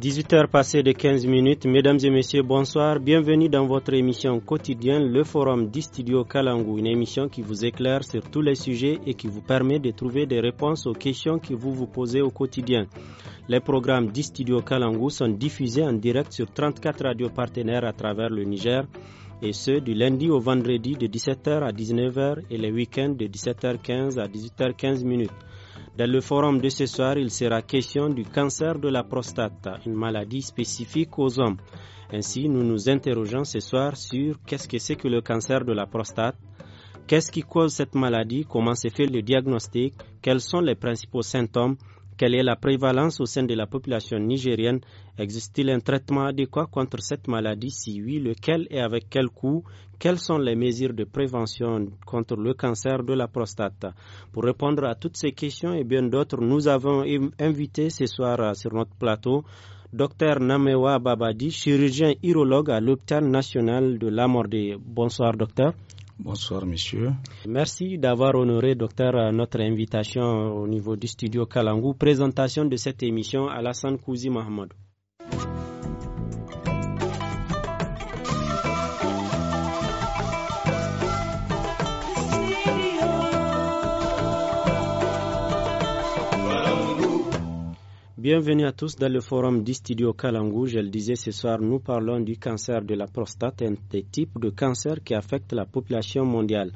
18h passées de 15 minutes, mesdames et messieurs, bonsoir. Bienvenue dans votre émission quotidienne, le forum d'iStudio studio Kalangou, une émission qui vous éclaire sur tous les sujets et qui vous permet de trouver des réponses aux questions que vous vous posez au quotidien. Les programmes d'iStudio studio Kalangou sont diffusés en direct sur 34 radios partenaires à travers le Niger et ceux du lundi au vendredi de 17h à 19h et les week-ends de 17h15 à 18h15 minutes. Dans le forum de ce soir, il sera question du cancer de la prostate, une maladie spécifique aux hommes. Ainsi, nous nous interrogeons ce soir sur qu'est-ce que c'est que le cancer de la prostate, qu'est-ce qui cause cette maladie, comment se fait le diagnostic, quels sont les principaux symptômes, quelle est la prévalence au sein de la population nigérienne Existe-t-il un traitement adéquat contre cette maladie Si oui, lequel et avec quel coût Quelles sont les mesures de prévention contre le cancer de la prostate Pour répondre à toutes ces questions et bien d'autres, nous avons invité ce soir euh, sur notre plateau Dr. Namewa Babadi, chirurgien urologue à l'hôpital national de la Mordée. Bonsoir, docteur. Bonsoir, monsieur. Merci d'avoir honoré, docteur, euh, notre invitation au niveau du studio Kalangou. Présentation de cette émission, à la Sankouzi Mahmoud. Bienvenue à tous dans le forum du studio Kalangou. Je le disais ce soir, nous parlons du cancer de la prostate, un des types de cancer qui affecte la population mondiale.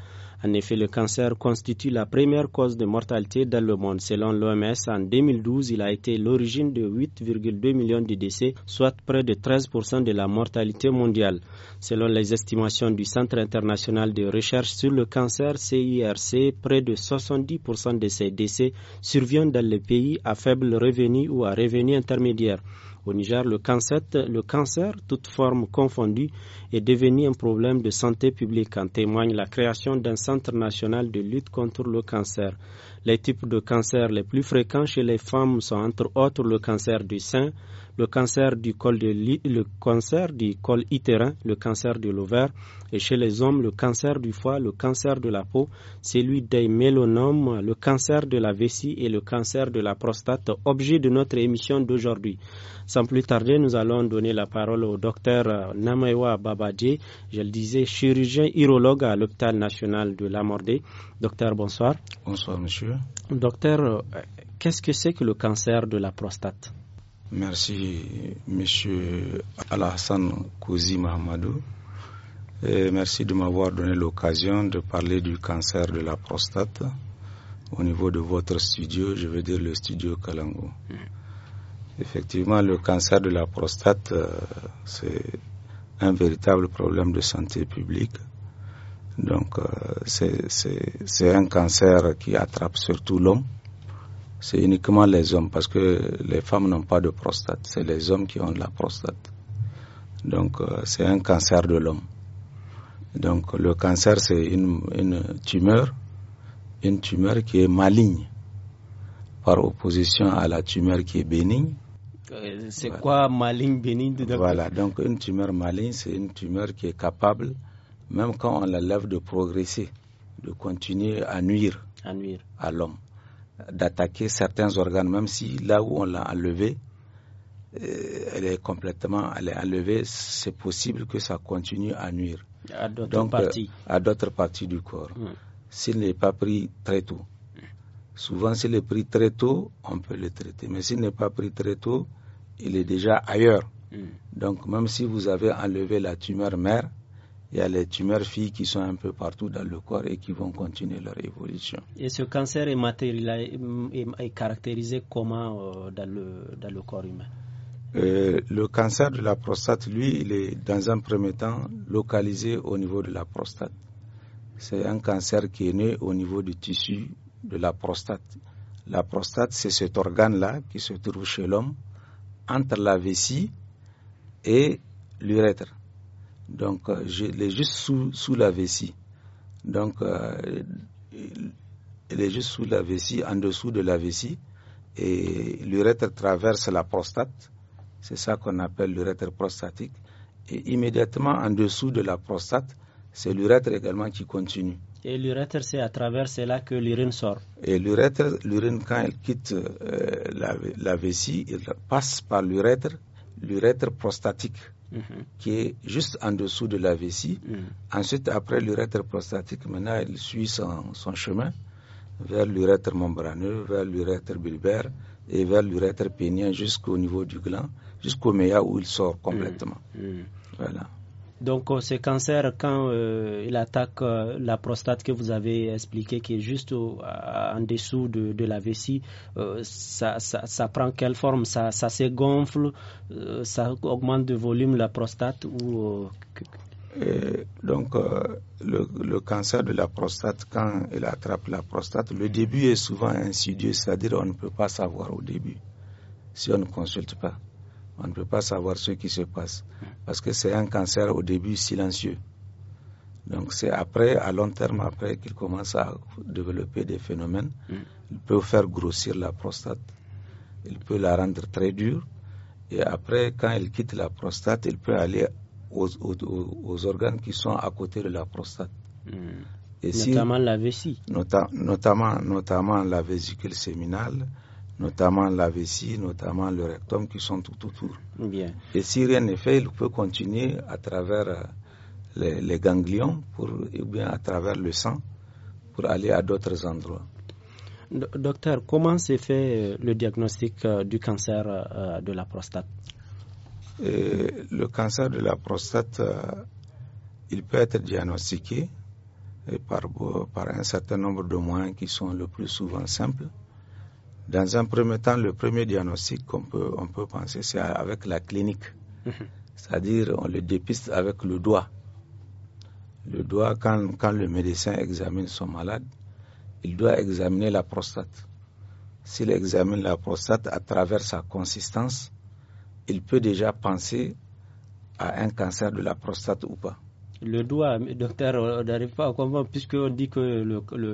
En effet, le cancer constitue la première cause de mortalité dans le monde. Selon l'OMS, en 2012, il a été l'origine de 8,2 millions de décès, soit près de 13% de la mortalité mondiale. Selon les estimations du Centre international de recherche sur le cancer, CIRC, près de 70% de ces décès surviennent dans les pays à faible revenu ou à revenu intermédiaire. Au Niger, le cancer, le cancer, toute forme confondue, est devenu un problème de santé publique, en témoigne la création d'un centre national de lutte contre le cancer. Les types de cancers les plus fréquents chez les femmes sont entre autres le cancer du sein, le cancer du col, de le cancer du col le cancer de l'ovaire, et chez les hommes, le cancer du foie, le cancer de la peau, celui des mélanomes, le cancer de la vessie et le cancer de la prostate, objet de notre émission d'aujourd'hui. Sans plus tarder, nous allons donner la parole au docteur euh, Namewa Babadje, je le disais, chirurgien urologue à l'hôpital national de Lamordé Docteur, bonsoir. Bonsoir, monsieur. Docteur, euh, qu'est-ce que c'est que le cancer de la prostate Merci, Monsieur Alassane Kouzi Mahamadou. Et merci de m'avoir donné l'occasion de parler du cancer de la prostate au niveau de votre studio, je veux dire le studio Kalango. Effectivement, le cancer de la prostate, euh, c'est un véritable problème de santé publique. Donc, euh, c'est un cancer qui attrape surtout l'homme c'est uniquement les hommes, parce que les femmes n'ont pas de prostate, c'est les hommes qui ont de la prostate. Donc euh, c'est un cancer de l'homme. Donc le cancer, c'est une, une, tumeur, une tumeur qui est maligne, par opposition à la tumeur qui est bénigne. Euh, c'est quoi maligne, bénigne Voilà, donc une tumeur maligne, c'est une tumeur qui est capable, même quand on la lève, de progresser, de continuer à nuire, à, nuire. à l'homme d'attaquer certains organes, même si là où on l'a enlevé, euh, elle est complètement elle est enlevée, c'est possible que ça continue à nuire. À d'autres euh, parties. à d'autres parties du corps. S'il n'est pas pris très tôt. Souvent, s'il est pris très tôt, on peut le traiter. Mais s'il n'est pas pris très tôt, il est déjà ailleurs. Mm. Donc, même si vous avez enlevé la tumeur mère, il y a les tumeurs filles qui sont un peu partout dans le corps et qui vont continuer leur évolution. Et ce cancer est, caractérisé comment euh, dans, le, dans le corps humain euh, le cancer de la prostate, lui, il est dans un premier temps localisé au niveau de la prostate. C'est un cancer qui est né au niveau du tissu de la prostate. La prostate, c'est cet organe-là qui se trouve chez l'homme entre la vessie et l'urètre. Donc, euh, je est juste sous, la vessie. Donc, euh, elle est juste sous la vessie, en dessous de la vessie. Et l'urètre traverse la prostate. C'est ça qu'on appelle l'urètre prostatique. Et immédiatement en dessous de la prostate, c'est l'urètre également qui continue. Et l'urètre, c'est à travers cela que l'urine sort. Et l'urètre, l'urine, quand elle quitte euh, la, la, vessie, elle passe par l'urètre, l'urètre prostatique. Mhm. qui est juste en dessous de la vessie. Mhm. Ensuite, après l'urètre prostatique, maintenant, il suit son, chemin vers l'urètre membraneux, vers l'urètre bulbaire et vers l'urètre pénien jusqu'au niveau du gland, jusqu'au méa où il sort complètement. Mhm. Voilà. Donc ce cancer, quand euh, il attaque euh, la prostate que vous avez expliqué, qui est juste en dessous de, la vessie, euh, ça, prend quelle forme ça, se gonfle, ça augmente de volume la prostate ou donc, le, cancer de la prostate, quand il attrape la prostate, le début est souvent insidieux, c'est-à-dire on ne peut pas savoir au début si on ne consulte pas. On ne peut pas savoir ce qui se passe parce que c'est un cancer au début silencieux. Donc c'est après, à long terme, après qu'il commence à développer des phénomènes, il peut faire grossir la prostate, il peut la rendre très dure, et après, quand il quitte la prostate, il peut aller aux, organes qui sont à côté de la prostate. Hmm. notamment la vessie. notamment la vésicule séminale, notamment la vessie, notamment le rectum qui sont tout autour. Et si rien n'est fait, il peut continuer à travers euh, les, ganglions ou bien à travers le sang pour aller à d'autres endroits. Docteur, comment s'est fait euh, le diagnostic euh, du cancer de la prostate Le cancer de la prostate, il peut être diagnostiqué par un certain nombre de moyens qui sont le plus souvent simples. Dans un premier temps, le premier diagnostic qu'on peut, on peut penser, c'est avec la clinique. Mhm. C'est-à-dire, on le dépiste avec le doigt. Le doigt, quand, quand le médecin examine son malade, il doit examiner la prostate. S'il examine la prostate à travers sa consistance, il peut déjà penser à un cancer de la prostate ou pas le doigt, docteur, on n'arrive pas à comprendre, puisqu'on dit que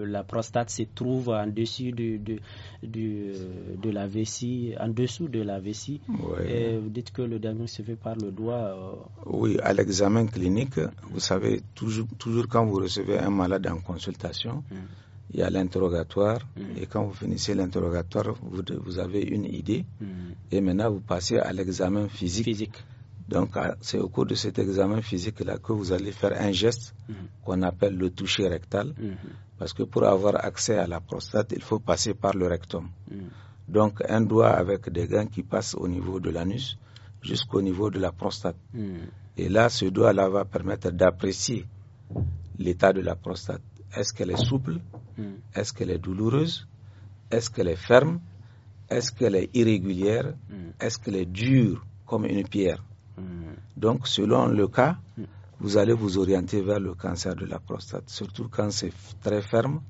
la prostate se trouve en dessous de la vessie, en dessous de la vessie. vous dites que le diagnostic se fait par le doigt. Euh. Oui, à l'examen clinique, vous savez, toujours, quand vous recevez un malade en consultation, hum. Il y a l'interrogatoire, hum. et quand vous finissez l'interrogatoire, vous, vous, avez une idée, hum. et maintenant vous passez à l'examen physique. physique donc, c'est au cours de cet examen physique-là que vous allez faire un geste mhm. qu'on appelle le toucher rectal, mhm. parce que pour avoir accès à la prostate, il faut passer par le rectum. Mhm. Donc, un doigt avec des gants qui passent au niveau de l'anus jusqu'au niveau de la prostate. Et là, ce doigt-là va permettre d'apprécier l'état de la prostate. Est-ce qu'elle est souple Est-ce qu'elle est douloureuse Est-ce qu'elle est ferme Est-ce qu'elle est irrégulière Est-ce qu'elle est dure comme une pierre donc, selon le cas, vous allez vous orienter vers le cancer de la prostate, surtout quand c'est très ferme,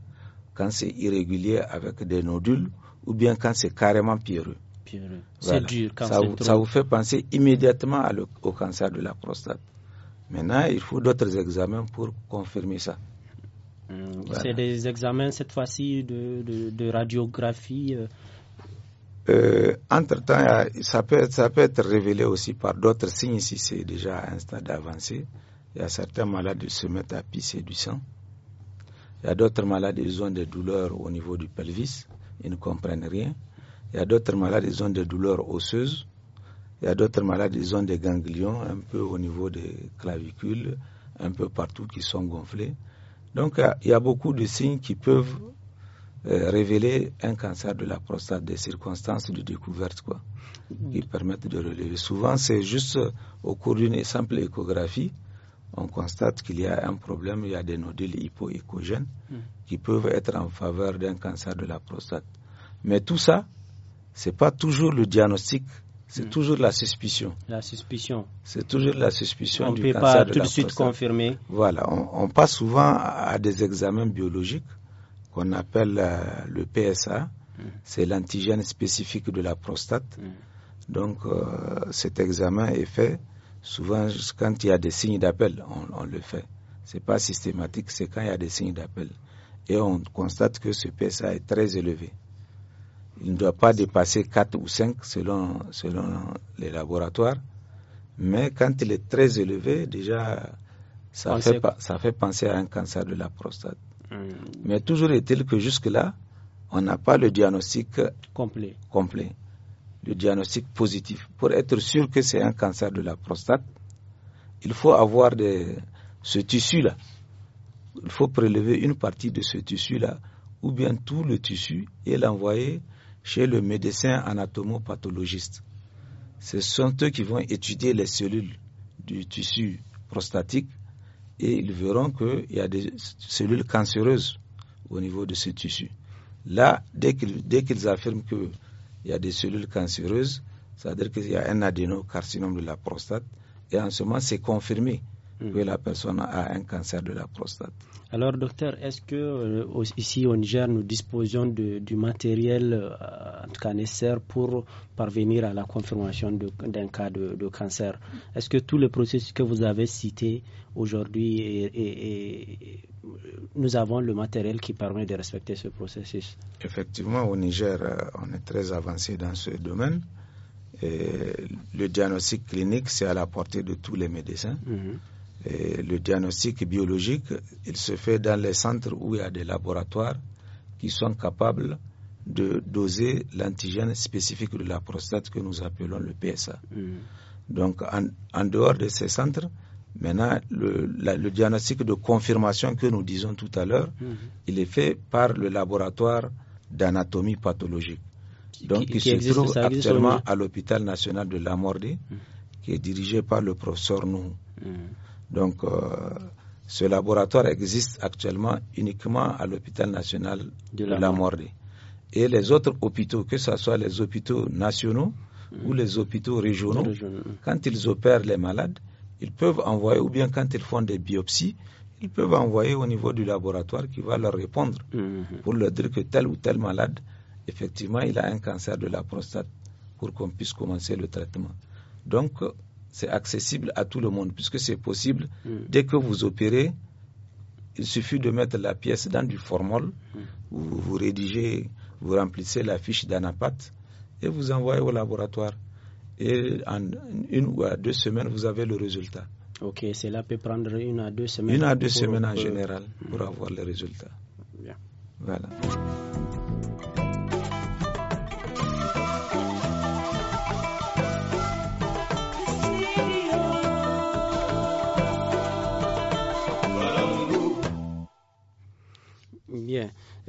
quand c'est irrégulier avec des nodules ou bien quand c'est carrément pierreux. pierreux. C'est Dur quand ça, vous, ça, vous, fait penser immédiatement au cancer de la prostate. Maintenant, il faut d'autres examens pour confirmer ça. Hum, c'est des examens cette fois-ci de radiographie. Euh, euh, Entre-temps, ça peut, être, ça peut être révélé aussi par d'autres signes si c'est déjà un stade avancé. Il y a certains malades qui se mettent à pisser du sang. Il y a d'autres malades, ils ont des douleurs au niveau du pelvis, ils ne comprennent rien. Il y a d'autres malades, ils ont des douleurs osseuses. Il y a d'autres malades, ils ont des ganglions un peu au niveau des clavicules, un peu partout qui sont gonflés. Donc il y a beaucoup de signes qui peuvent euh, révéler un cancer de la prostate, des circonstances de découverte, quoi, mm. qui permettent de relever. Souvent, c'est juste au cours d'une simple échographie, on constate qu'il y a un problème, il y a des nodules hypoécogènes mm. qui peuvent être en faveur d'un cancer de la prostate. Mais tout ça, c'est pas toujours le diagnostic c'est mm. toujours la suspicion. La suspicion. C'est toujours la suspicion on ne peut pas tout de suite prostate. confirmer. Voilà, on, passe souvent à des examens biologiques qu'on appelle euh, le PSA, mm. c'est l'antigène spécifique de la prostate. Mm. Donc euh, cet examen est fait souvent quand il y a des signes d'appel, on, le fait. C'est pas systématique, c'est quand il y a des signes d'appel. Et on constate que ce PSA est très élevé. Il ne doit pas dépasser 4 ou 5 selon, selon les laboratoires. Mais quand il est très élevé, déjà, ça, fait, ça fait penser à un cancer de la prostate. Hmm. Mais toujours est-il que jusque-là, on n'a pas le diagnostic complet. Le diagnostic positif. Pour être sûr que c'est un cancer de la prostate, il faut avoir ce tissu-là. Il faut prélever une partie de ce tissu-là, ou bien tout le tissu, et l'envoyer chez le médecin anatomopathologiste. Ce sont eux qui vont étudier les cellules du tissu prostatique et ils verront qu'il y a des cellules cancéreuses au niveau de ce tissu. Là, dès qu'ils, affirment qu'il y a des cellules cancéreuses, c'est-à-dire qu'il y a un adénocarcinome de la prostate, et en ce moment, c'est confirmé hmm. que la personne a un cancer de la prostate. Alors, docteur, est-ce que ici euh, au Niger, nous disposons de, du matériel euh, tout cas pour parvenir à la confirmation d'un cas de, cancer. Est-ce que tous les processus que vous avez cités aujourd'hui, nous avons le matériel qui permet de respecter ce processus Effectivement, au Niger, euh, on est très avancé dans ce domaine. le diagnostic clinique, c'est à la portée de tous les médecins. Mhm. le diagnostic biologique, il se fait dans les centres où il y a des laboratoires qui sont capables de doser l'antigène spécifique de la prostate que nous appelons le PSA. Mm. Donc, en, dehors de ces centres, maintenant, le, diagnostic de confirmation que nous disons tout à l'heure, mm. il est fait par le laboratoire d'anatomie pathologique. Donc, il se trouve actuellement à l'hôpital national de la mm. qui est dirigé par le professeur Nou. Donc, euh, ce laboratoire existe actuellement uniquement à l'hôpital national de la, et les autres hôpitaux, que ce soit les hôpitaux nationaux ou mm. les hôpitaux régionaux, quand ils opèrent les malades, ils peuvent envoyer, ou bien quand ils font des biopsies, ils peuvent envoyer au niveau du laboratoire qui va leur répondre mm-hmm. pour leur dire que tel ou tel malade, effectivement, il a un cancer de la prostate pour qu'on puisse commencer le traitement. Donc, c'est accessible à tout le monde puisque c'est possible mm. dès que vous opérez. Il suffit de mettre la pièce dans du formol, mm. où vous rédigez vous remplissez la fiche d'ANAPAT et vous envoyez au laboratoire. Et en une ou à deux semaines, vous avez le résultat. Ok, cela peut prendre une à deux semaines. Une à deux semaines en général pour hmm. avoir le résultat. Bien. Voilà.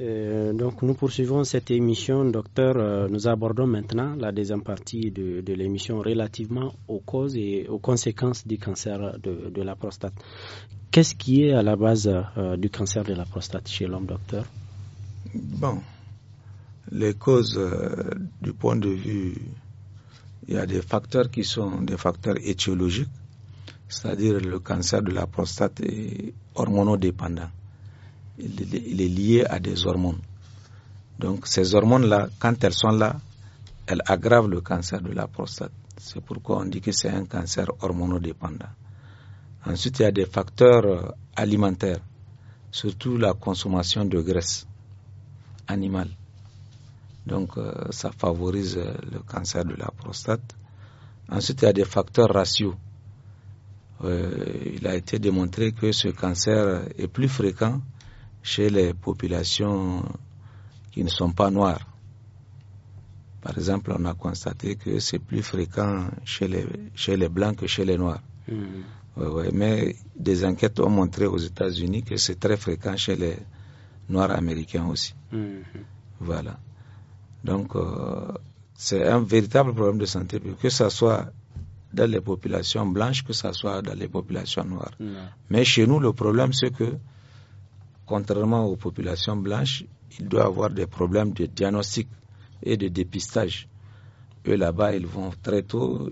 Euh, donc nous poursuivons cette émission, docteur. Euh, nous abordons maintenant la deuxième partie de, l'émission relativement aux causes et aux conséquences du cancer de, la prostate. Qu'est-ce qui est à la base euh, du cancer de la prostate chez l'homme, docteur Bon, les causes du point de vue, il y a des facteurs qui sont des facteurs étiologiques, c'est-à-dire le cancer de la prostate est hormonodépendant il est lié à des hormones. Donc ces hormones-là, quand elles sont là, elles aggravent le cancer de la prostate. C'est pourquoi on dit que c'est un cancer hormonodépendant. Ensuite, il y a des facteurs euh, alimentaires, surtout la consommation de graisse animale. Donc euh, ça favorise euh, le cancer de la prostate. Ensuite, il y a des facteurs ratios. il a été démontré que ce cancer est plus fréquent chez les populations qui ne sont pas noires. Par exemple, on a constaté que c'est plus fréquent chez les, chez les blancs que chez les noirs. Hmm. Mais des enquêtes ont montré aux États-Unis que c'est très fréquent chez les noirs américains aussi. Hmm. Voilà. Donc, euh, c'est un véritable problème de santé, que ce soit dans les populations blanches, que ce soit dans les populations noires. Mais chez nous, le problème, c'est que contrairement aux populations blanches, il doit avoir des problèmes de diagnostic et de dépistage. Eux, là-bas, ils vont très tôt.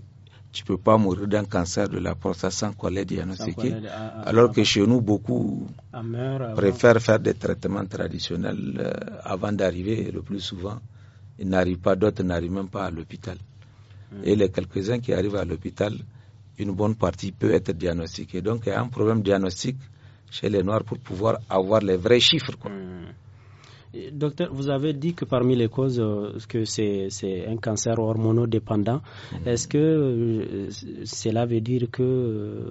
Tu peux pas mourir d'un cancer de la prostate sans qu'on l'ait diagnostiqué. Ah, ah, alors ah, que chez nous, beaucoup préfèrent faire des traitements traditionnels euh, avant d'arriver. Le plus souvent, ils n'arrivent pas, d'autres n'arrivent même pas à l'hôpital. Hmm. Et les quelques-uns qui arrivent à l'hôpital, une bonne partie peut être diagnostiquée. Donc, il y a un problème diagnostique chez les Noirs pour pouvoir avoir les vrais chiffres. Hmm. Docteur, vous avez dit que parmi les causes, euh, que c'est un cancer hormonodépendant. Hmm. Est-ce que euh, cela veut dire que euh,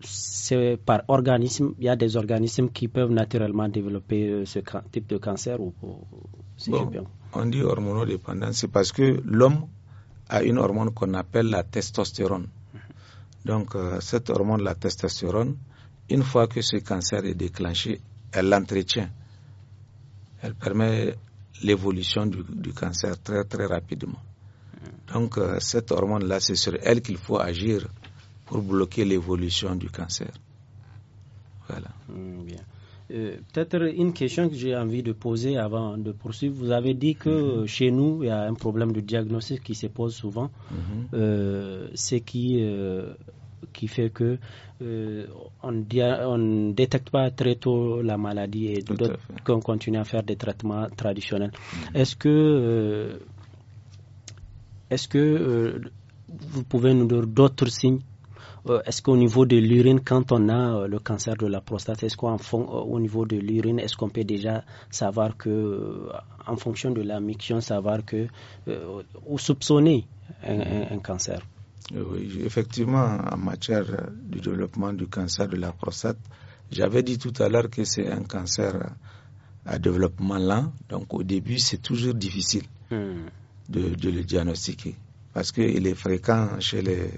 c'est par organisme, il y a des organismes qui peuvent naturellement développer ce type de cancer ou, On dit hormonodépendant, c'est parce que l'homme a une hormone qu'on appelle la testostérone. Hmm. Donc cette hormone, la testostérone, une fois que ce cancer est déclenché, elle l'entretient. Elle permet l'évolution du, cancer très très rapidement. Donc euh, cette hormone-là, c'est sur elle qu'il faut agir pour bloquer l'évolution du cancer. Voilà. Hmm, euh, peut-être une question que j'ai envie de poser avant de poursuivre. Vous avez dit que mhm. chez nous, il y a un problème de diagnostic qui se pose souvent. Mhm. Euh, c'est qui qui fait que euh, on ne détecte pas très tôt la maladie et qu'on continue à faire des traitements traditionnels. Mm. Est-ce que, euh, est-ce que euh, vous pouvez nous donner d'autres signes Est-ce qu'au niveau de l'urine, quand on a le cancer de la prostate, est-ce qu'au au niveau de l'urine, est-ce qu'on peut déjà savoir que, en fonction de la miction, savoir que, ou soupçonner un cancer oui, effectivement, en matière du développement du cancer de la prostate, j'avais dit tout à l'heure que c'est un cancer à développement lent. Donc au début, c'est toujours difficile hmm. de, le diagnostiquer parce qu'il est fréquent chez les,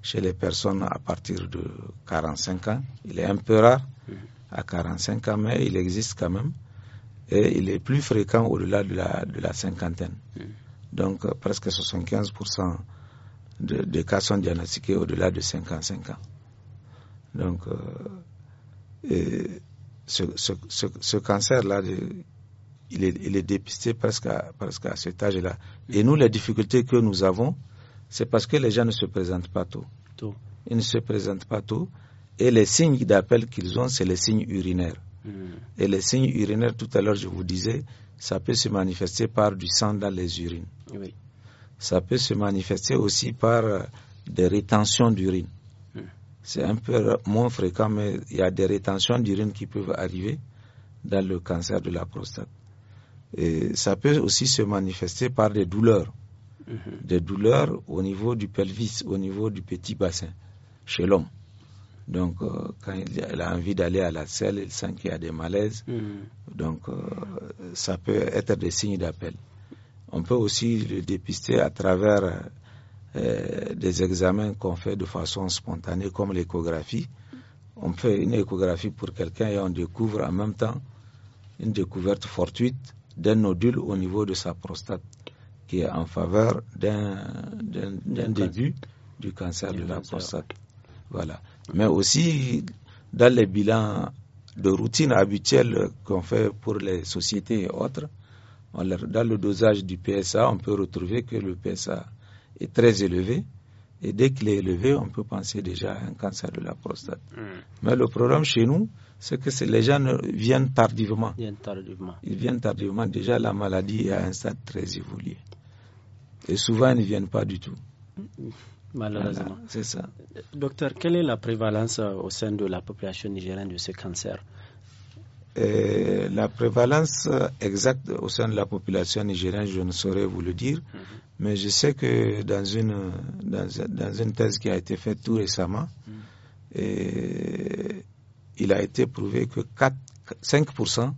chez les personnes à partir de 45 ans. Il est un peu rare hmm. à 45 ans, mais il existe quand même. Et il est plus fréquent au-delà de la, de la cinquantaine. Hmm. Donc euh, presque 75% de, de, cas sont diagnostiqués au-delà de 55 ans. Donc, euh, ce, ce, ce, cancer-là, il est, il est, dépisté presque à, presque à cet âge-là. Et nous, les difficultés que nous avons, c'est parce que les gens ne se présentent pas tôt. Ils ne se présentent pas tôt. Et les signes d'appel qu'ils ont, c'est les signes urinaires. Hmm. Et les signes urinaires, tout à l'heure, je vous disais, ça peut se manifester par du sang dans les urines. Oui ça peut se manifester aussi par euh, des rétentions d'urine. Hein. C'est un peu euh, moins fréquent, mais il y a des rétentions d'urine qui peuvent arriver dans le cancer de la prostate. Et ça peut aussi se manifester par des douleurs, hein. des douleurs au niveau du pelvis, au niveau du petit bassin, chez l'homme. Donc, euh, quand il a envie d'aller à la selle, il sent qu'il y a des malaises. Hein. Donc, ça peut être des signes d'appel. On peut aussi le dépister à travers euh, des examens qu'on fait de façon spontanée, comme l'échographie. On fait une échographie pour quelqu'un et on découvre en même temps une découverte fortuite d'un nodule au niveau de sa prostate qui est en faveur d'un début du cancer de la prostate. Mais aussi, dans les bilans de routine habituels qu'on fait pour les sociétés et autres, dans le dosage du PSA, on peut retrouver que le PSA est très élevé. Et dès qu'il est élevé, on peut penser déjà à un cancer de la prostate. Hmm. Mais le problème chez nous, c'est que les gens viennent tardivement. Ils viennent tardivement. Ils viennent tardivement. Déjà, la maladie est à un stade très évolué. Et souvent, ils ne viennent pas du tout. Malheureusement. c'est ça. Docteur, quelle est la prévalence euh, au sein de la population nigérienne de ce cancer euh, la prévalence euh, exacte au sein de la population nigérienne, je ne saurais vous le dire, mhm. mais je sais que dans une, dans, une thèse qui a été faite tout récemment, mhm. euh, il a été prouvé que 5%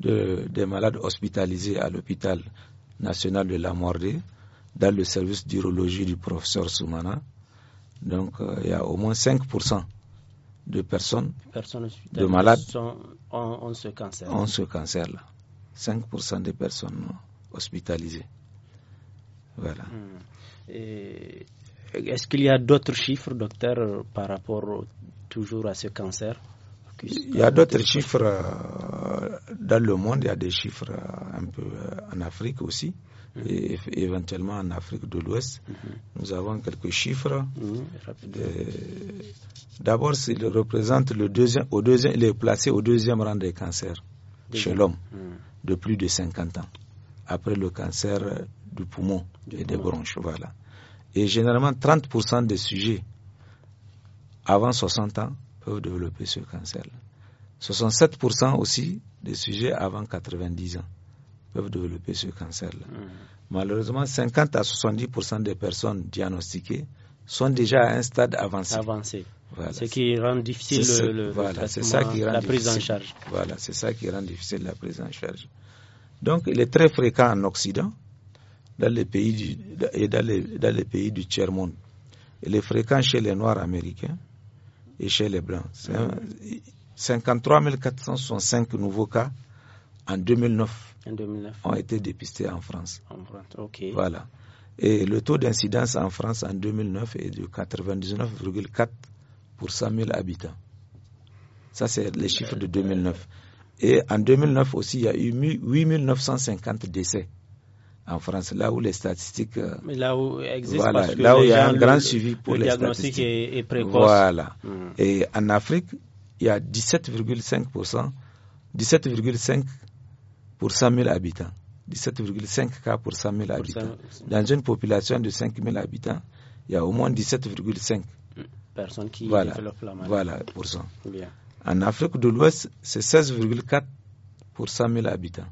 des malades hospitalisés à l'hôpital national de la Mordée, dans le service d'urologie du professeur Soumana, donc il y a au moins 5% de personnes, de malades sont, ont, ce cancer. 5% des personnes hospitalisées. Voilà. Hmm. Est-ce qu'il y a d'autres chiffres, docteur, par rapport toujours à ce cancer Il y a d'autres chiffres euh, dans le monde, il y a des chiffres euh, un peu euh, en Afrique aussi et éventuellement en Afrique de l'Ouest. Mhm. Nous avons quelques chiffres. Mhm, euh, d'abord, il représente le deuxième, au il est placé au deuxième rang des cancers chez l'homme mhm. de plus de 50 ans, après le cancer du poumon et des bronches. Voilà. Et généralement, 30% des sujets avant 60 ans peuvent développer ce cancer. 67% aussi des sujets avant 90 ans peuvent développer ce cancer-là. Mmh. Malheureusement, 50 à 70 des personnes diagnostiquées sont déjà à un stade avancé. Ce qui rend difficile la prise en charge. Voilà, c'est ça qui rend difficile la prise en charge. Donc, il est très fréquent en Occident dans les pays du, et dans les, dans les pays du tiers-monde. Il est fréquent chez les Noirs américains et chez les Blancs. 53 465 nouveaux cas en 2009 2009. ont été dépistés en France. En France, ok. Voilà. Et le taux d'incidence en France en 2009 est de 99,4 pour 100 000 habitants. Ça, c'est les chiffres de 2009. Et en 2009 aussi, il y a eu 8 950 décès en France, là où les statistiques. Euh, Mais là où là il y a un grand suivi pour les diagnostic statistiques. Est, précoce. Voilà. Hmm. Et en Afrique, il y a 17,5%, 17,5 pour 100 000 habitants. 17,5 cas pour 100 000 habitants. Dans une population de 5 000 habitants, il y a au moins 17,5 personnes qui développent la maladie. Voilà, pour ça. En Afrique de l'Ouest, c'est 16,4 pour 100 000 habitants.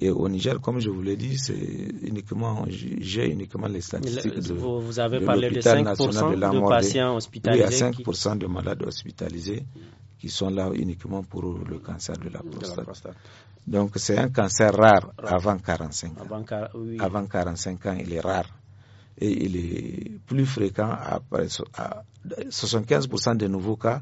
Et au Niger, comme je vous l'ai dit, c'est uniquement, j'ai uniquement les statistiques de Vous, vous avez de parlé de 5% de, patients hospitalisés. 5% de malades hospitalisés qui sont là uniquement pour le cancer de la prostate. Donc c'est un cancer rare, avant 45 ans. Avant, 45 ans, il est rare. Et il est plus fréquent après à 75% des nouveaux cas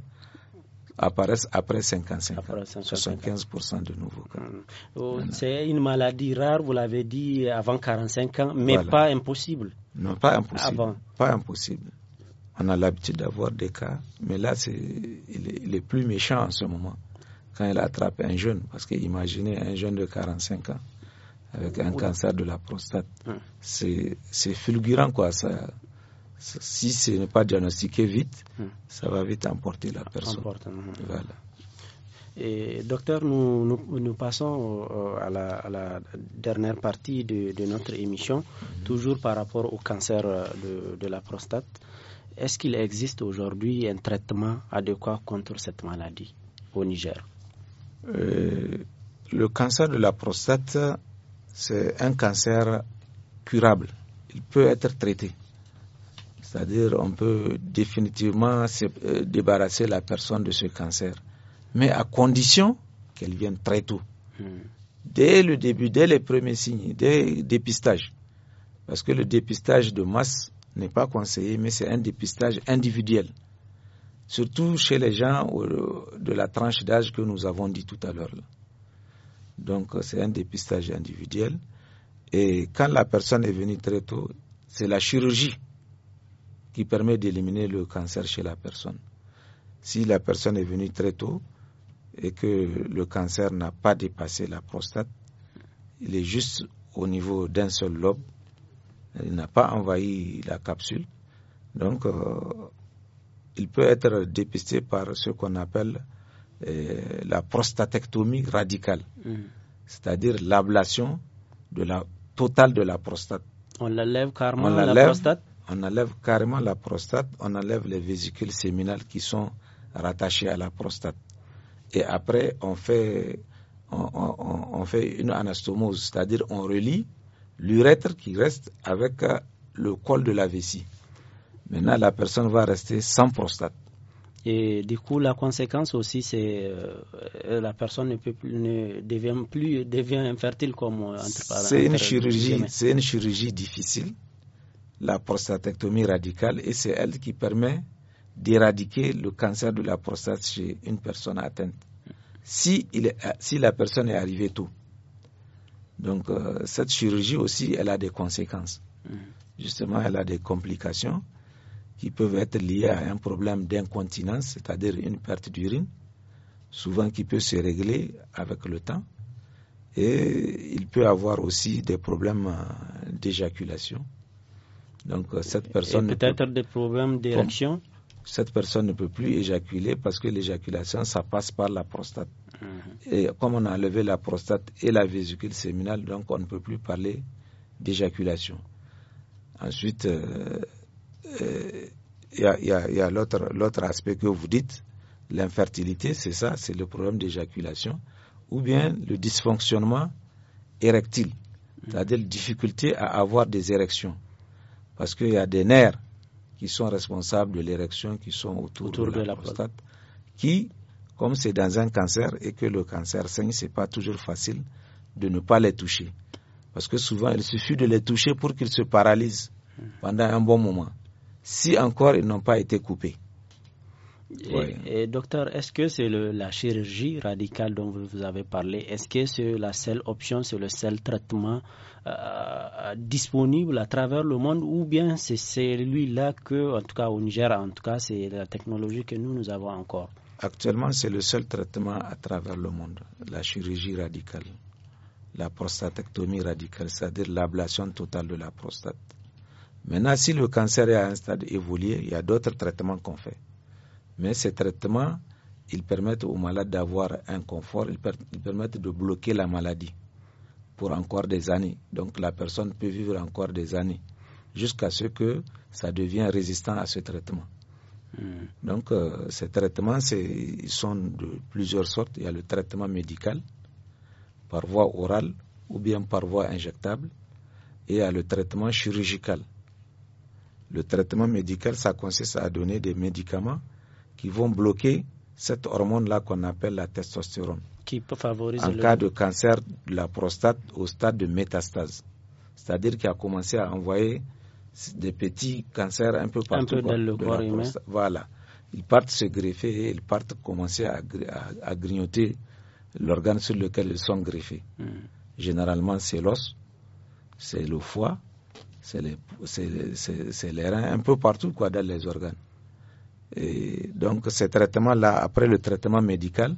apparaissent après 55 ans. 75% de nouveaux cas. Mm. Oh, c'est une maladie rare, vous l'avez dit, avant 45 ans, mais pas impossible. Non, pas impossible. Pas impossible. On a l'habitude d'avoir des cas, mais là, c'est, il, est, plus méchant en ce moment quand il attrape un jeune, parce que imaginez un jeune de 45 ans avec un cancer de la prostate, c'est fulgurant quoi. si ce n'est pas diagnostiqué vite, ça va vite emporter la personne. Hein. Voilà. Et, docteur, nous, passons à, la, dernière partie de, notre émission, mhm. toujours par rapport au cancer euh, de la prostate. Est-ce qu'il existe aujourd'hui un traitement adéquat contre cette maladie au Niger euh, Le cancer de la prostate, c'est un cancer curable. Il peut être traité. C'est-à-dire on peut définitivement se euh, débarrasser la personne de ce cancer, mais à condition qu'elle vienne très tôt. Hmm. Dès le début, dès les premiers signes, dès le dépistage. Parce que le dépistage de masse n'est pas conseillé, mais c'est un dépistage individuel. Surtout chez les gens de la tranche d'âge que nous avons dit tout à l'heure. Donc c'est un dépistage individuel. Et quand la personne est venue très tôt, c'est la chirurgie qui permet d'éliminer le cancer chez la personne. Si la personne est venue très tôt et que le cancer n'a pas dépassé la prostate, il est juste au niveau d'un seul lobe, il n'a pas envahi la capsule. Donc, euh, il peut être dépisté par ce qu'on appelle euh, la prostatectomie radicale, hmm. c'est-à-dire l'ablation de la totale de la prostate. On l'enlève carrément la prostate On enlève carrément la prostate, on enlève les vésicules séminales qui sont rattachées à la prostate. Et après, on fait, on fait une anastomose, c'est-à-dire on relie l'urètre qui reste avec euh, le col de la vessie. Maintenant, la personne va rester sans prostate. Et du coup, la conséquence aussi, c'est que euh, euh, la personne ne, devient plus devient infertile comme C'est une chirurgie, c'est une chirurgie difficile, la prostatectomie radicale, et c'est elle qui permet d'éradiquer le cancer de la prostate chez une personne atteinte. Si, il si la personne est arrivée tôt. Donc euh, cette chirurgie aussi, elle a des conséquences. Mm. Justement, elle a des complications qui peuvent être liées à un problème d'incontinence, c'est-à-dire une perte d'urine, souvent qui peut se régler avec le temps. Et il peut avoir aussi des problèmes euh, d'éjaculation. Donc euh, cette personne... Peut-être des problèmes d'érection Cette personne ne peut plus éjaculer parce que l'éjaculation, ça passe par la prostate. Mhm. Et comme on a enlevé la prostate et la vésicule séminale, donc on ne peut plus parler d'éjaculation. Ensuite, il euh, euh, y a, l'autre aspect que vous dites, l'infertilité, c'est ça, c'est le problème d'éjaculation, ou bien le dysfonctionnement érectile, mhm. c'est-à-dire la difficulté à avoir des érections, parce qu'il y a des nerfs qui sont responsables de l'érection, qui sont autour, de, la prostate, qui comme c'est dans un cancer et que le cancer saigne, ce n'est pas toujours facile de ne pas les toucher. Parce que souvent, il suffit de les toucher pour qu'ils se paralysent pendant un bon moment. Si encore ils n'ont pas été coupés. Et, docteur, est-ce que c'est la chirurgie radicale dont vous, avez parlé Est-ce que c'est la seule option, c'est le seul traitement euh, disponible à travers le monde Ou bien c'est celui-là que, en tout cas au Niger, en tout cas, c'est la technologie que nous, nous avons encore Actuellement, c'est le seul traitement à travers le monde, la chirurgie radicale, la prostatectomie radicale, c'est-à-dire l'ablation totale de la prostate. Maintenant, si le cancer est à un stade évolué, il y a d'autres traitements qu'on fait. Mais ces traitements, ils permettent aux malades d'avoir un confort, ils, ils permettent de bloquer la maladie pour encore des années. Donc la personne peut vivre encore des années jusqu'à ce que ça devienne résistant à ce traitement. Mm. Donc, euh, ces traitements, ils sont de plusieurs sortes. Il y a le traitement médical par voie orale ou bien par voie injectable et il y a le traitement chirurgical. Le traitement médical, ça consiste à donner des médicaments qui vont bloquer cette hormone-là qu'on appelle la testostérone. Qui peut favoriser En le... cas de cancer de la prostate au stade de métastase. C'est-à-dire qu'il a commencé à envoyer des petits cancers un peu partout. dans le corps Voilà. Ils partent se greffer et ils partent commencer à, grignoter l'organe sur lequel ils sont greffés. Hmm. Généralement, c'est l'os, c'est le foie, c'est les, reins, un peu partout quoi, dans les organes. Et donc, ce traitement là après le traitement médical,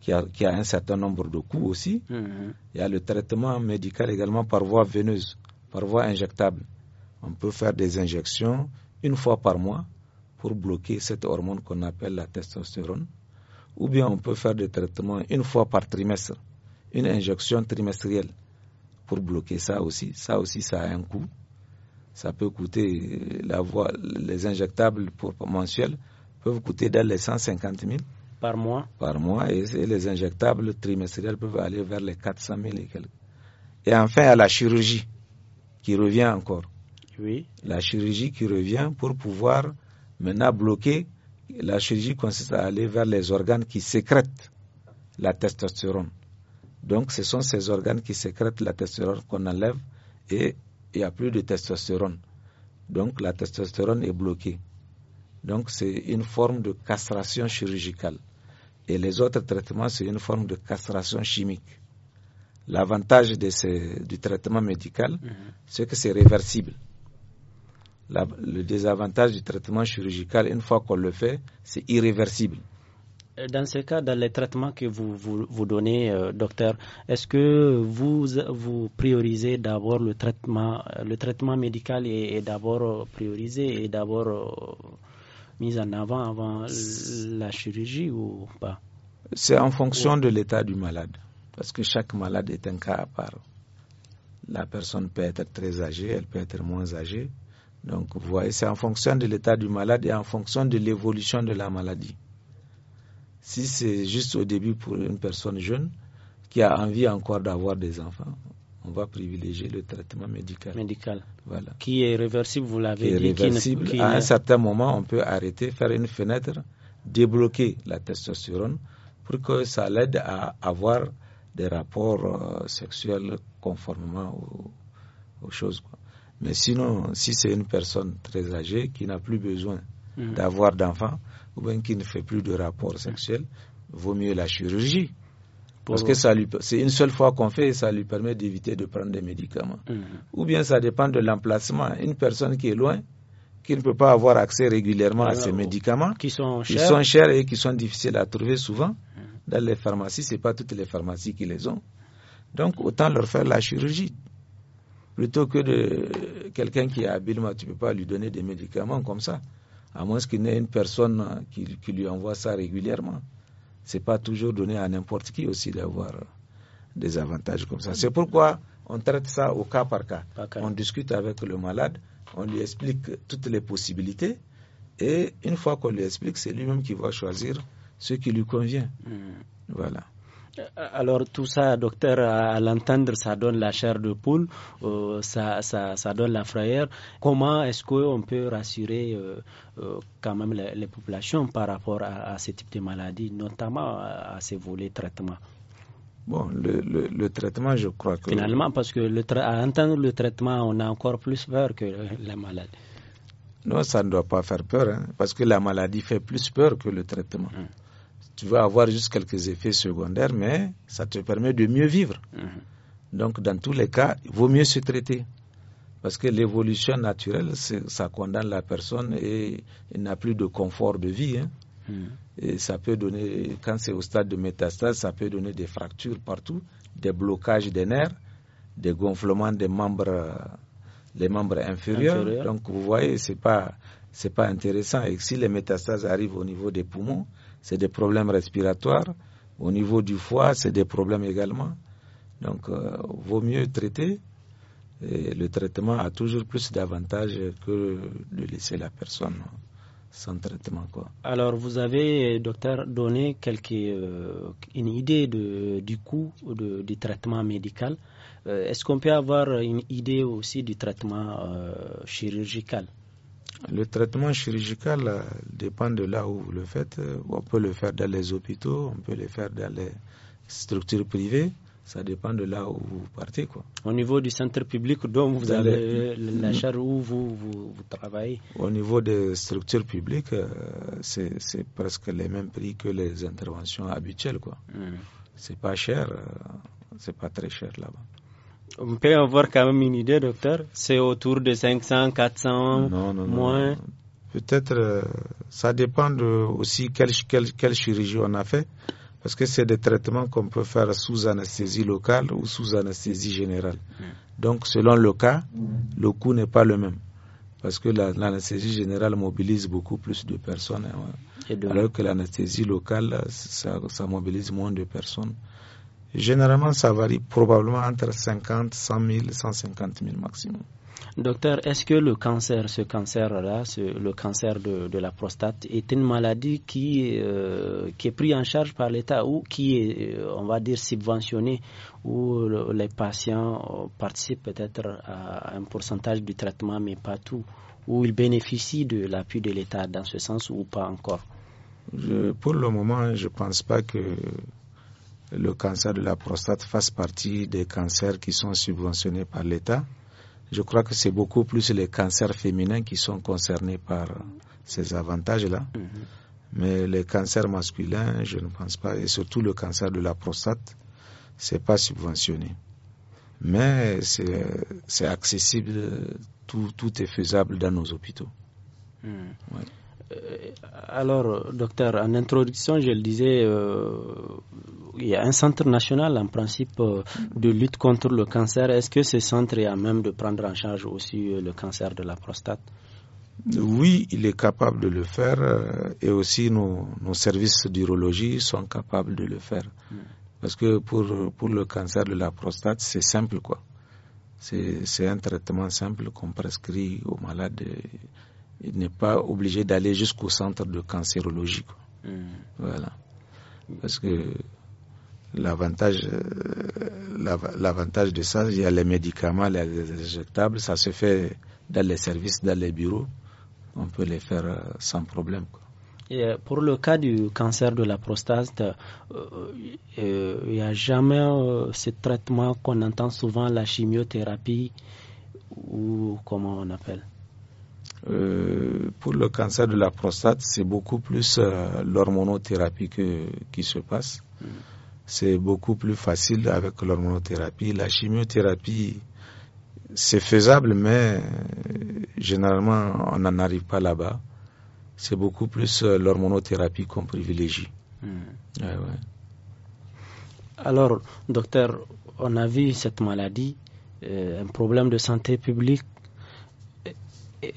qui a, un certain nombre de coûts aussi, hmm. il y a le traitement médical également par voie veineuse, par voie injectable. On peut faire des injections une fois par mois pour bloquer cette hormone qu'on appelle la testostérone. Ou bien on peut faire des traitements une fois par trimestre, une injection trimestrielle pour bloquer ça aussi. Ça aussi, ça a un coût. Ça peut coûter, euh, la les injectables pour, mensuels peuvent coûter dans les 150 000 par mois. Par mois, et, les injectables trimestriels peuvent aller vers les 400 000 et quelques. Et enfin, à la chirurgie, qui revient encore oui. la chirurgie qui revient pour pouvoir maintenant bloquer. La chirurgie consiste à aller vers les organes qui sécrètent la testostérone. Donc ce sont ces organes qui sécrètent la testostérone qu'on enlève et il n'y a plus de testostérone. Donc la testostérone est bloquée. Donc c'est une forme de castration chirurgicale. Et les autres traitements, c'est une forme de castration chimique. L'avantage du traitement médical, mhm. c'est que c'est réversible le désavantage du traitement chirurgical, une fois qu'on le fait, c'est irréversible. Euh, dans ce cas, dans les traitements que vous, vous, donnez, euh, docteur, est-ce que vous, vous priorisez d'abord le traitement euh, Le traitement médical est, d'abord priorisé et d'abord mise mis en avant avant la chirurgie ou pas C'est en fonction de l'état du malade, parce que chaque malade est un cas à part. La personne peut être très âgée, elle peut être moins âgée, donc, vous voyez, c'est en fonction de l'état du malade et en fonction de l'évolution de la maladie. Si c'est juste au début pour une personne jeune qui a envie encore d'avoir des enfants, on va privilégier le traitement médical. Médical. Voilà. Qui est réversible, vous l'avez dit. Réversible. Qui à un certain moment, on peut arrêter, faire une fenêtre, débloquer la testostérone pour que ça l'aide à avoir des rapports euh, sexuels conformément aux, aux choses. Quoi. Mais sinon, ah. si c'est une personne très âgée qui n'a plus besoin mm-hmm. d'avoir d'enfants ou bien qui ne fait plus de rapports sexuels, vaut mieux la chirurgie. Parce que ça lui, c'est une seule fois qu'on fait et ça lui permet d'éviter de prendre des médicaments. Mm-hmm. Ou bien ça dépend de l'emplacement. Une personne qui est loin, qui ne peut pas avoir accès régulièrement à ces ah, oh. médicaments, qui sont, chers. qui sont chers et qui sont difficiles à trouver souvent mm-hmm. dans les pharmacies, ce n'est pas toutes les pharmacies qui les ont. Donc autant leur faire la chirurgie plutôt que de quelqu'un qui est habilement, tu ne peux pas lui donner des médicaments comme ça, à moins qu'il n'ait une personne qui, lui envoie ça régulièrement. Ce n'est pas toujours donné à n'importe qui aussi d'avoir des avantages comme ça. C'est pourquoi on traite ça au cas par cas. On discute avec le malade, on lui explique toutes les possibilités, et une fois qu'on lui explique, c'est lui-même qui va choisir ce qui lui convient. Hmm. Voilà. Euh, alors tout ça, docteur, à l'entendre, ça donne la chair de poule, euh, ça, ça, ça, donne la frayeur. Comment est-ce qu'on peut rassurer euh, quand même les, populations par rapport à, ce type de maladie, notamment à, ces volets traitements Bon, le, traitement, je crois que... Finalement, parce que le à entendre le traitement, on a encore plus peur que la maladie. Non, ça ne doit pas faire peur, hein, parce que la maladie fait plus peur que le traitement. Hum tu vas avoir juste quelques effets secondaires, mais ça te permet de mieux vivre. Mhm. Donc, dans tous les cas, il vaut mieux se traiter. Parce que l'évolution naturelle, ça condamne la personne et elle n'a plus de confort de vie. Hein. Mhm. Et ça peut donner, quand c'est au stade de métastase, ça peut donner des fractures partout, des blocages des nerfs, des gonflements des membres, les membres inférieurs. Donc, vous voyez, c'est pas, pas intéressant. Et si les métastases arrivent au niveau des poumons, c'est des problèmes respiratoires. Au niveau du foie, c'est des problèmes également. Donc, euh, vaut mieux traiter. le traitement a toujours plus d'avantages que de laisser la personne sans traitement. Alors, vous avez, euh, docteur, donné euh, une idée du coût du traitement médical. Est-ce qu'on peut avoir une idée aussi du traitement chirurgical le traitement chirurgical euh, dépend de là où vous le faites. Euh, on peut le faire dans les hôpitaux, on peut le faire dans les structures privées. Ça dépend de là où vous partez. Au niveau du centre public dont vous dans avez la chaire où vous, vous, travaillez Au niveau des structures publiques, euh, c'est presque les mêmes prix que les interventions habituelles. Quoi. Mmh. C'est pas cher, c'est pas très cher là-bas. On peut avoir quand même une idée, docteur C'est autour de 500, 400, moins Peut-être, euh, ça dépend aussi quel quelle, chirurgie on a fait, parce que c'est des traitements qu'on peut faire sous anesthésie locale ou sous anesthésie générale. Donc, selon le cas, le coût n'est pas le même, parce que l'anesthésie générale mobilise beaucoup plus de personnes, hein, alors que l'anesthésie locale, ça, ça mobilise moins de personnes. Généralement, ça varie probablement entre 50, 100 000, 150 000 maximum. Docteur, est-ce que le cancer, ce cancer-là, le cancer de, la prostate, est une maladie euh, qui, est prise en charge par l'État ou qui est, euh, on va dire, subventionnée, où les patients euh, participent peut-être à un pourcentage du traitement, mais pas tout, où ils bénéficient de l'appui de l'État dans ce sens ou pas encore Pour le moment, je ne pense pas que le cancer de la prostate fasse partie des cancers qui sont subventionnés par l'État. Je crois que c'est beaucoup plus les cancers féminins qui sont concernés par ces avantages-là. Mhm. Mais les cancers masculins, je ne pense pas, et surtout le cancer de la prostate, n'est pas subventionné. Mais c'est accessible, tout, est faisable dans nos hôpitaux. Mhm. Euh, alors, docteur, en introduction, je le disais, euh, il y a un centre national en principe euh, de lutte contre le cancer. Est-ce que ce centre est à même de prendre en charge aussi euh, le cancer de la prostate oui, il est capable de le faire euh, et aussi nos, services d'urologie sont capables de le faire. Parce que pour, pour le cancer de la prostate, c'est simple quoi. C'est un traitement simple qu'on prescrit aux malades. Il n'est pas obligé d'aller jusqu'au centre de cancérologie. Hmm. Voilà. Parce que L'avantage, euh, l'avantage de ça, il y a les médicaments, les injectables, ça se fait dans les services, dans les bureaux. On peut les faire euh, sans problème. Et euh, pour le cas du cancer de la prostate, il n'y a jamais ce traitement qu'on entend souvent, la chimiothérapie, ou comment on appelle Pour le cancer de la prostate, c'est beaucoup plus l'hormonothérapie qui se passe. Mm c'est beaucoup plus facile avec l'hormonothérapie. La chimiothérapie, c'est faisable, mais euh, généralement, on n'en arrive pas là-bas. C'est beaucoup plus euh, l'hormonothérapie qu'on privilégie. Hmm. Alors, docteur, on a vu cette maladie, euh, un problème de santé publique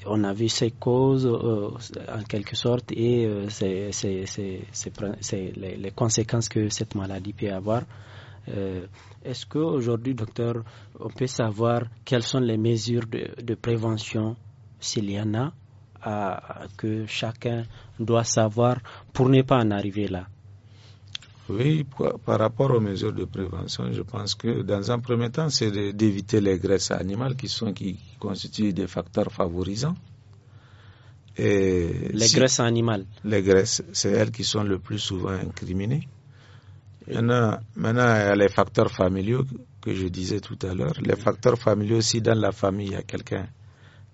on a vu ces causes euh, en quelque sorte et euh, les, conséquences que cette maladie peut avoir. Euh, est-ce qu'aujourd'hui, docteur, on peut savoir quelles sont les mesures de, prévention, s'il y en a, que chacun doit savoir pour ne pas en arriver là oui, par rapport aux mesures de prévention, je pense que dans un premier temps, c'est d'éviter les graisses animales qui, sont, qui constituent des facteurs favorisants. les graisses animales Les graisses, c'est elles qui sont le plus souvent incriminées. Maintenant, il y a les facteurs familiaux que je disais tout à l'heure. Les facteurs familiaux, si dans la famille, il y a quelqu'un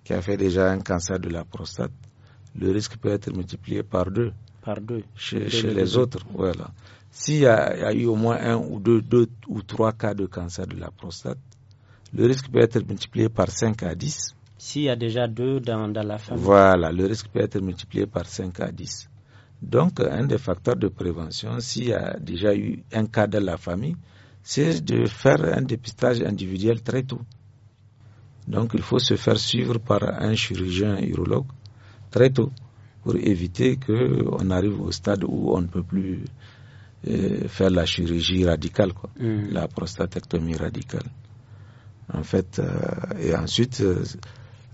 qui a fait déjà un cancer de la prostate, le risque peut être multiplié par deux. Par deux. chez les autres, voilà. S'il y, a eu au moins un ou deux, deux ou trois cas de cancer de la prostate, le risque peut être multiplié par cinq à 10. S'il y a déjà deux dans, dans, la famille. Voilà, le risque peut être multiplié par cinq à dix. Donc, un des facteurs de prévention, s'il y a déjà eu un cas dans la famille, c'est de faire un dépistage individuel très tôt. Donc, il faut se faire suivre par un chirurgien urologue très tôt pour éviter qu'on arrive au stade où on ne peut plus faire la chirurgie radicale, mm. la prostatectomie radicale. En fait, euh, et ensuite, euh,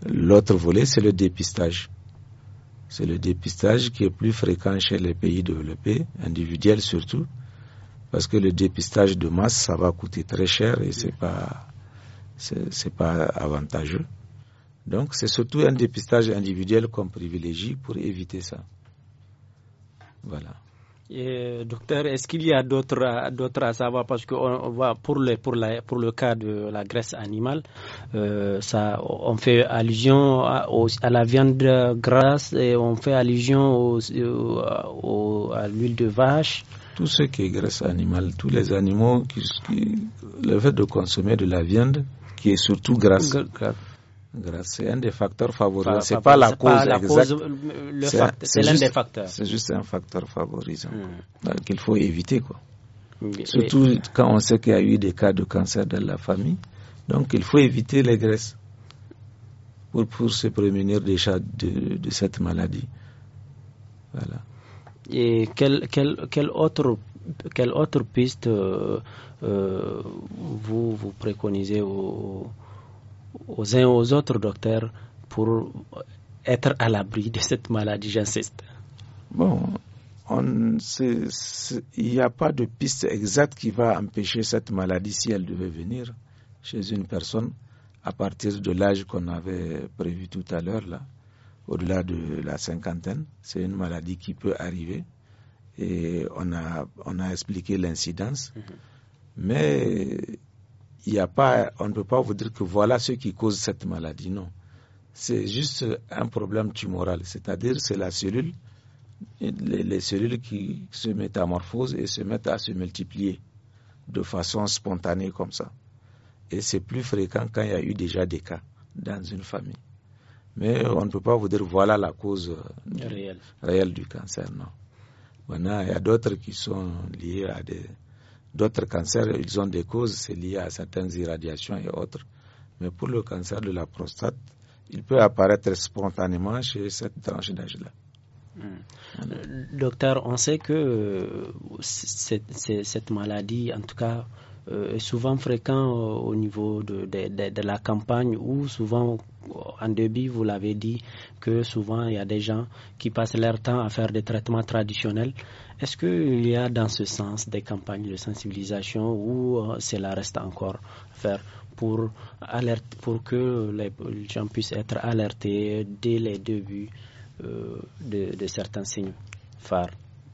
l'autre volet, c'est le dépistage. C'est le dépistage qui est plus fréquent chez les pays développés, individuels surtout, parce que le dépistage de masse, ça va coûter très cher et c'est pas, c'est pas avantageux. Donc, c'est surtout un dépistage individuel qu'on privilégie pour éviter ça. Voilà docteur, est-ce qu'il y a d'autres à savoir parce que pour le cas de la graisse animale, euh, on fait allusion à, la viande grasse et on fait allusion à l'huile de vache. Tout ce qui est graisse animale, tous les animaux qui, le fait de consommer de la viande qui est surtout grasse. C'est un des facteurs favorisants. c'est pas la cause exacte. C'est l'un des facteurs. C'est juste un facteur favorisant. Hmm. Donc il faut éviter quoi. Surtout quand on sait qu'il y a eu des cas de cancer dans la famille. Donc il faut éviter les graisses pour, se prémunir déjà de, cette maladie. Voilà. Et quelle, autre quelle autre piste euh, euh, vous, vous préconisez aux, aux uns aux autres docteurs pour être à l'abri de cette maladie, j'insiste Bon, il n'y a pas de piste exacte qui va empêcher cette maladie si elle devait venir chez une personne à partir de l'âge qu'on avait prévu tout à l'heure, là, au-delà de la cinquantaine. C'est une maladie qui peut arriver et on a, on a expliqué l'incidence. Mm-hmm. Mais il y a pas, on ne peut pas vous dire que voilà ce qui cause cette maladie. Non. C'est juste un problème tumoral, c'est-à-dire c'est la cellule, les, cellules qui se métamorphosent et se mettent à se multiplier de façon spontanée comme ça. Et c'est plus fréquent quand il y a eu déjà des cas dans une famille. Mais on ne peut pas vous dire voilà la cause réelle. réelle du cancer, non. Maintenant, il y a d'autres qui sont liés à des D'autres cancers, ils ont des causes, c'est lié à certaines irradiations et autres. Mais pour le cancer de la prostate, il peut apparaître spontanément chez cette tranche d'âge-là. Hmm. Docteur, on sait que euh, cette, maladie, en tout cas, euh, est souvent fréquente euh, au niveau de, de, la campagne ou souvent, en débit, vous l'avez dit, que souvent il y a des gens qui passent leur temps à faire des traitements traditionnels est-ce qu'il y a dans ce sens des campagnes de sensibilisation ou euh, cela reste encore à faire pour, alerte, pour que les gens puissent être alertés dès les débuts euh, de, certains signes phares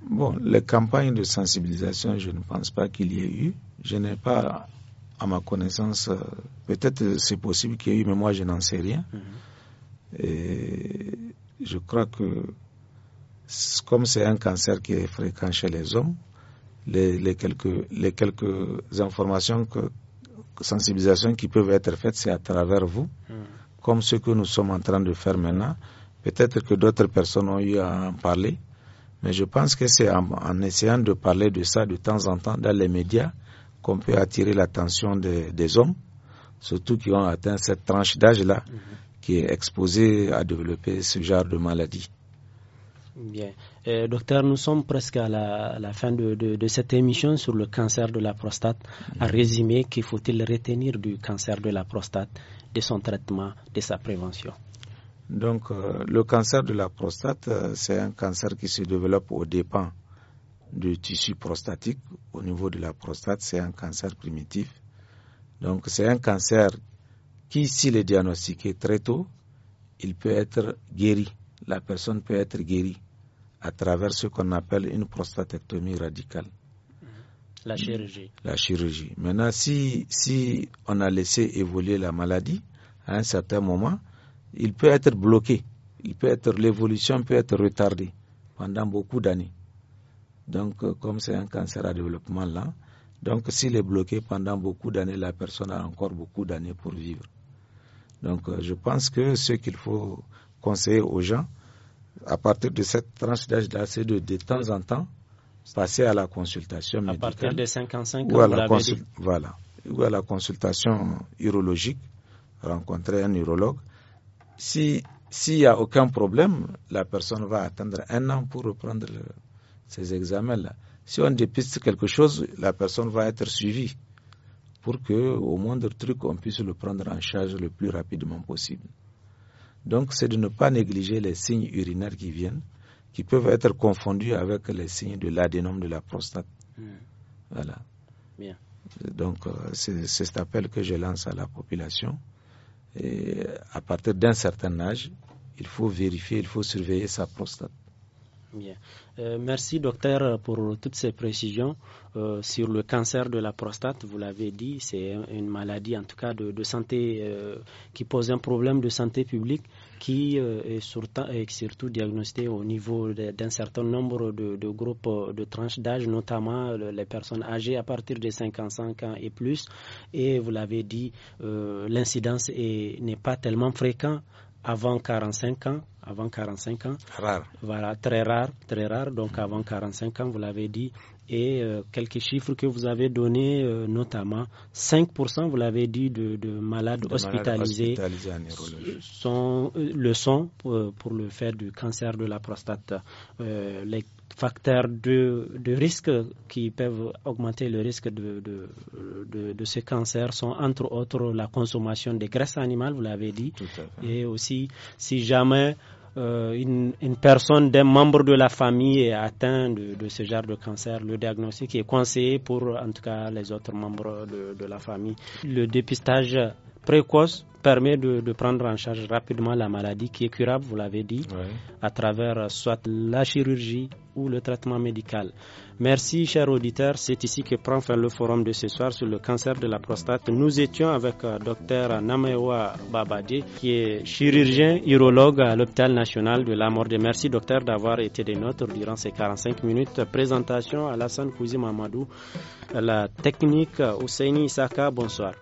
Bon, les campagnes de sensibilisation, je ne pense pas qu'il y ait eu. Je n'ai pas, à ma connaissance, euh, peut-être c'est possible qu'il y ait eu, mais moi je n'en sais rien. Mhm. Et je crois que comme c'est un cancer qui est fréquent chez les hommes, les, quelques, les quelques informations, que, sensibilisations qui peuvent être faites, c'est à travers vous, hmm. comme ce que nous sommes en train de faire maintenant. Peut-être que d'autres personnes ont eu à en parler, mais je pense que c'est en, essayant de parler de ça de temps en temps dans les médias qu'on peut attirer l'attention des, hommes, surtout qui ont atteint cette tranche d'âge-là, hmm. qui est exposée à développer ce genre de maladie. Bien. Euh, docteur, nous sommes presque à la, fin de, cette émission sur le cancer de la prostate. En À mm. résumer, qu'il faut-il retenir du cancer de la prostate, de son traitement, de sa prévention Donc, euh, le cancer de la prostate, euh, c'est un cancer qui se développe au dépens du tissu prostatique. Au niveau de la prostate, c'est un cancer primitif. Donc, c'est un cancer qui, s'il est diagnostiqué très tôt, il peut être guéri. La personne peut être guérie à travers ce qu'on appelle une prostatectomie radicale. La chirurgie. La chirurgie. Maintenant, si, si on a laissé évoluer la maladie à un certain moment, il peut être bloqué. Il peut être l'évolution peut être retardée pendant beaucoup d'années. Donc, euh, comme c'est un cancer à développement lent, donc s'il est bloqué pendant beaucoup d'années, la personne a encore beaucoup d'années pour vivre. Donc, euh, je pense que ce qu'il faut conseiller aux gens, à partir de cette tranche d'âge-là, c'est de, de temps en temps passer à la consultation médicale. À partir de 55 ans, ou à, la consultation urologique, rencontrer un urologue. Si s'il n'y a aucun problème, la personne va attendre un an pour reprendre ses examens-là. Si on dépiste quelque chose, la personne va être suivie pour que, au moindre truc, on puisse le prendre en charge le plus rapidement possible. Donc, c'est de ne pas négliger les signes urinaires qui viennent, qui peuvent être confondus avec les signes de l'adénome de la prostate. Hmm. Voilà. Bien. Donc, euh, c'est cet appel que je lance à la population. Et à partir d'un certain âge, il faut vérifier, il faut surveiller sa prostate. Bien. Euh, merci docteur pour toutes ces précisions euh, sur le cancer de la prostate. Vous l'avez dit, c'est une maladie en tout cas de, santé euh, qui pose un problème de santé publique qui est, surtout, est surtout diagnostiqué au niveau d'un certain nombre de, de, groupes de tranches d'âge, notamment les personnes âgées à partir de 55 ans et plus. Et vous l'avez dit, l'incidence n'est pas tellement fréquente avant 45 ans. Avant 45 ans. Rare. Voilà, très rare, très rare. Donc avant 45 ans, vous l'avez dit. Et euh, quelques chiffres que vous avez donné, euh, notamment 5%, vous l'avez dit, de, malades hospitalisés, sont, euh, le sont pour, le fait du cancer de la prostate. les facteurs de, risque qui peuvent augmenter le risque de, de, de, ce cancer sont entre autres la consommation des graisses animales, vous l'avez dit, et aussi si jamais euh, une, personne d'un membre de la famille est atteint de, ce genre de cancer, le diagnostic est conseillé pour en tout cas les autres membres de la famille. Le dépistage précoce permet de, prendre en charge rapidement la maladie qui est curable, vous l'avez dit, à travers euh, soit la chirurgie ou le traitement médical. Merci, chers auditeurs. C'est ici que prend fin le forum de ce soir sur le cancer de la prostate. Nous étions avec euh, Dr Namewa Babade, qui est chirurgien urologue à l'hôpital national de la Morde. Merci, docteur, d'avoir été des nôtres durant ces 45 minutes. Présentation à Lassane Kouzi Mamadou, la technique Ouseni Isaka. Bonsoir.